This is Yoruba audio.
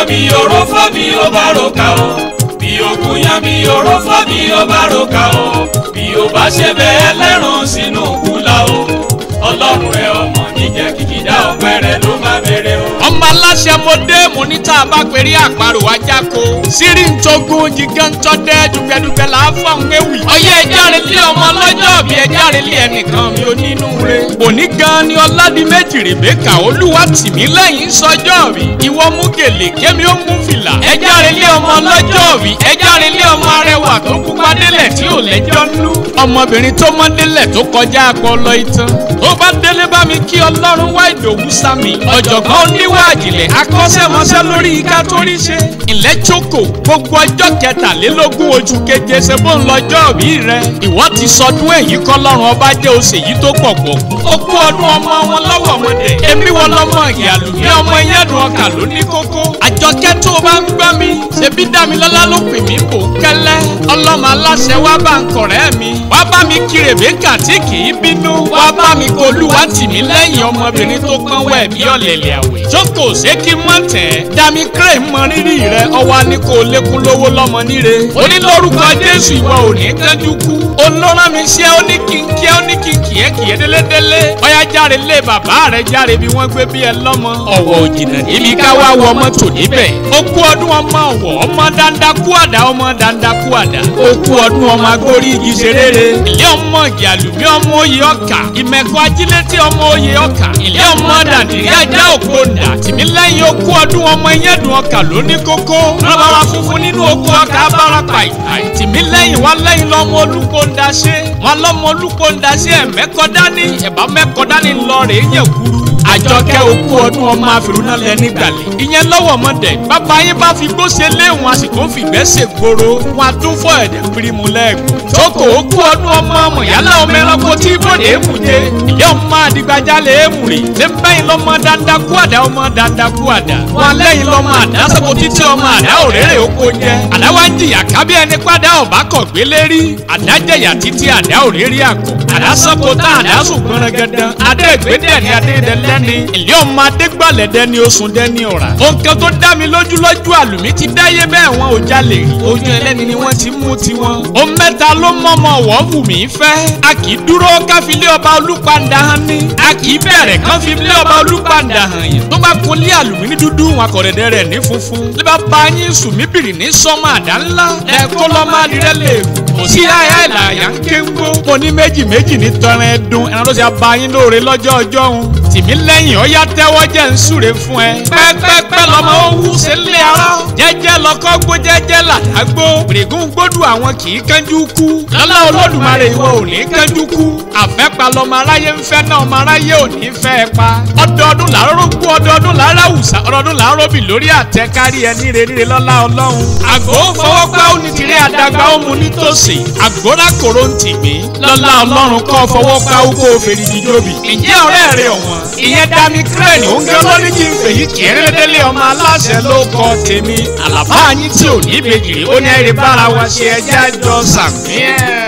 yan mi òró fọ́ mi ó o bí ogun yan mi òró fọ́ mi ó o bí ó bá ṣe bẹ́ẹ̀ lẹ́rùn. aláṣẹ mo dé mo ní tá a bá péré àparò ajá ko. sírí ntogun jígan tọ́ dẹ́ dùgbẹ́dùgbẹ́ là á fọ́n ewì. ọyẹ ẹjáre lé ọmọ ọlọ́jọ́ bí ẹjáre lé ẹnìkan mi ò nínú re. òní gan ni ọládì méjì rèbékà olúwa tì mí lẹ́yìn sọjọ́ rí. ìwọ mú gèlè kémi ó mú fìlà. ẹjáre lé ọmọ ọlọ́jọ́ rí ẹjáre lé ọmọ arẹwà tó pupa délẹ̀ tí ò lẹ́jọ́ nú. ọmọbìnrin tó mọ́ tó kọjá apọlọ itan. tó bá délé bá mi kí ọlọ́run wá ìdòwú sá mi. ọ̀jọ̀gbọ́n oníwà àjìnlẹ̀ akọ́ṣẹ́mọṣẹ́ lórí ká tó rí ṣe. ilẹ̀ jókòó gbogbo ọjọ́ kẹtàlélógún oṣù keje ṣe bó ń lọ́jọ́ bí rẹ. ìwọ ti sọdún èyí kọ́lọ́run ọba jẹ́ oṣù èyí tó pọ̀ pọ̀. ó kú ọdún ọmọ wọn lọ́wọ́ ọmọdé. èmi wọn lọmọ ìyàlú ní ọmọ ìyẹ́dùn ṣebí Dámilọ́lá ló pè mí bò kẹ́lẹ́ ọlọ́mọ aláṣẹ wá bá ń kọ̀rẹ́ mi wá bá mi kí Rèbékà tí kì í bínú wá bá mi kolúwa tì mí lẹ́yìn ọmọbìnrin tó pọ́n wẹ̀ bí ọ̀lẹ̀lẹ̀ àwẹ̀ jókòó ṣé kí n mọ̀ tẹ̀ dami crane mọ rírì rẹ ọwọ́ ni kò lékún lówó lọ́mọ níre onílórúkọ Jésù ìwọ ò ní kú olóràn mi ṣe ó ní kínkíẹ́ ó ní kínkíẹ́ kìí délédélé ọyá járe lé bàbá rẹ járe bí wọ́n gbé bí ẹ lọ́mọ ọ̀wọ̀ òjìnà níbi ká wá wọ mọ́tò níbẹ̀ ọdún ọmọ ọ̀wọ̀ ọmọ dandan kú àdá ọmọ dandan kú àdá. ó kú ọdún ọmọ agbórí igi ṣerére. ilé ọmọ ìyàlùmí ọmọ oyè ọkà ìmẹ̀kọ ajílétí ọmọ oyè ọkà. ilé ọmọ dàdírí ajá òkúńdà tìmílẹ́yìn ó kú ọdún ọmọ ìyẹ́dùn ọkà lóní kókó. rábàrà funfun nínú oko ọkà abárapa ìtàì. tìmílẹ́yìn wá lẹ́yìn lọ́mọ olúkóńdà ṣe. wọn lọ́mọ olúkóńdà ṣe ẹ̀mẹ́kọ dání ẹ̀bá mẹ́kọ dání ńlọ rèé yẹ̀kuru àjọkẹ́ òkú ọdún ọmọ àfìrúná lẹ nígbàlẹ̀. ìyẹn lọ́wọ́ mọ̀dẹ̀ bàbá yín bá fi gbóṣe lé wọn àsìkò fìgbẹ́ ṣègboro wọn a tún fọ ẹ̀dẹ̀ pirimu lẹ́ẹ̀kọ́. tókò òkú ọdún ọmọ ọmọ yálà ọmọ ẹranko tí bòde èmù jẹ ìyá ọmọ àdìgbàjálẹ̀ èmù rè lẹ́bẹ̀yìn lọ́mọ dandaku àdá ọmọ dandaku àdá wọn lẹ́yìn lọ́mọ àdá sọ́kò títí ọmọ àdá òrèrè oko jẹ. àdá wa ń jìyà kábí ẹni padà ọ̀bá kọ̀ gbélé rí àdá jẹ̀yà títí àdá òrèrè àkọ́ àdá sọ́kò tá àdá gbọ́nrẹ́gẹ́dẹ́ adé dẹ́ni ilé ọmọ adégbàlẹ̀ dẹ́ni ó sùn dẹ́ni ọ̀ràn. nǹkan tó dá mi lójú lójú àlùmí ti dáyé bẹ́ẹ̀ wọn ò jalè rí. ojú ẹlẹ́ni ni wọ́n ti mú tiwọn. ó mẹ́ta ló mọ́mọ́ wọ́ wù mí fẹ́. a kì í dúró káfílé ọba olúpàdà hàn ní. a kì í bẹ̀rẹ̀ káfílé ọba olúpàdà hàn yẹn. tó bá kun lé àlùmí ní dúdú wọn kọ̀rẹ̀dẹ̀ rẹ̀ ní funfun. sí àyà ìlàyà ń ké ń gbó. mo ní méjì méjì ní tọrin ẹdun ẹran ló ṣe abayín lóore lọ́jọ́ ọjọ́ òun tì mí lẹ́yìn ọ̀yá tẹ́wọ́ jẹ́ ń súre fún ẹ. pẹ́pẹ́pẹ́ lọmọ ó wú sí ara. jẹ́jẹ́ lọkọ́ gbó jẹ́jẹ́ làdágbó. gbèrègún gbódù àwọn kì í kánjú kú. lọ́lá olódùmarè ìwọ ò ní kánjú kú. àfẹ́pa lọmọ aráyé ń fẹ́ náà ọmọ aráyé ò ní fẹ́ ẹ pa. ọdọọdún làárọ̀ gbó ọdọọdún làárọ̀ àwùsà ọdọọdún làárọ̀ bì lórí àtẹ kárí ẹ àdàgbà òmu nítòsí àgbọ́dá kòró ń tì gbé lọ́lá ọlọ́run kọ́ fọwọ́ káwó kó o fèrè ìdíjóbi. ǹjẹ́ ọ̀rẹ́ rẹ ọ̀wọ́n ìyẹn dami crane ó ń gé olóríjì ń fèyí kéré-délé ọmọ aláṣẹ ló kọ tèmi àlàfáà yín tí ò ní ìbejì ó ní ẹ̀rí bára wa ṣe ẹjẹ́ àjọ sàmì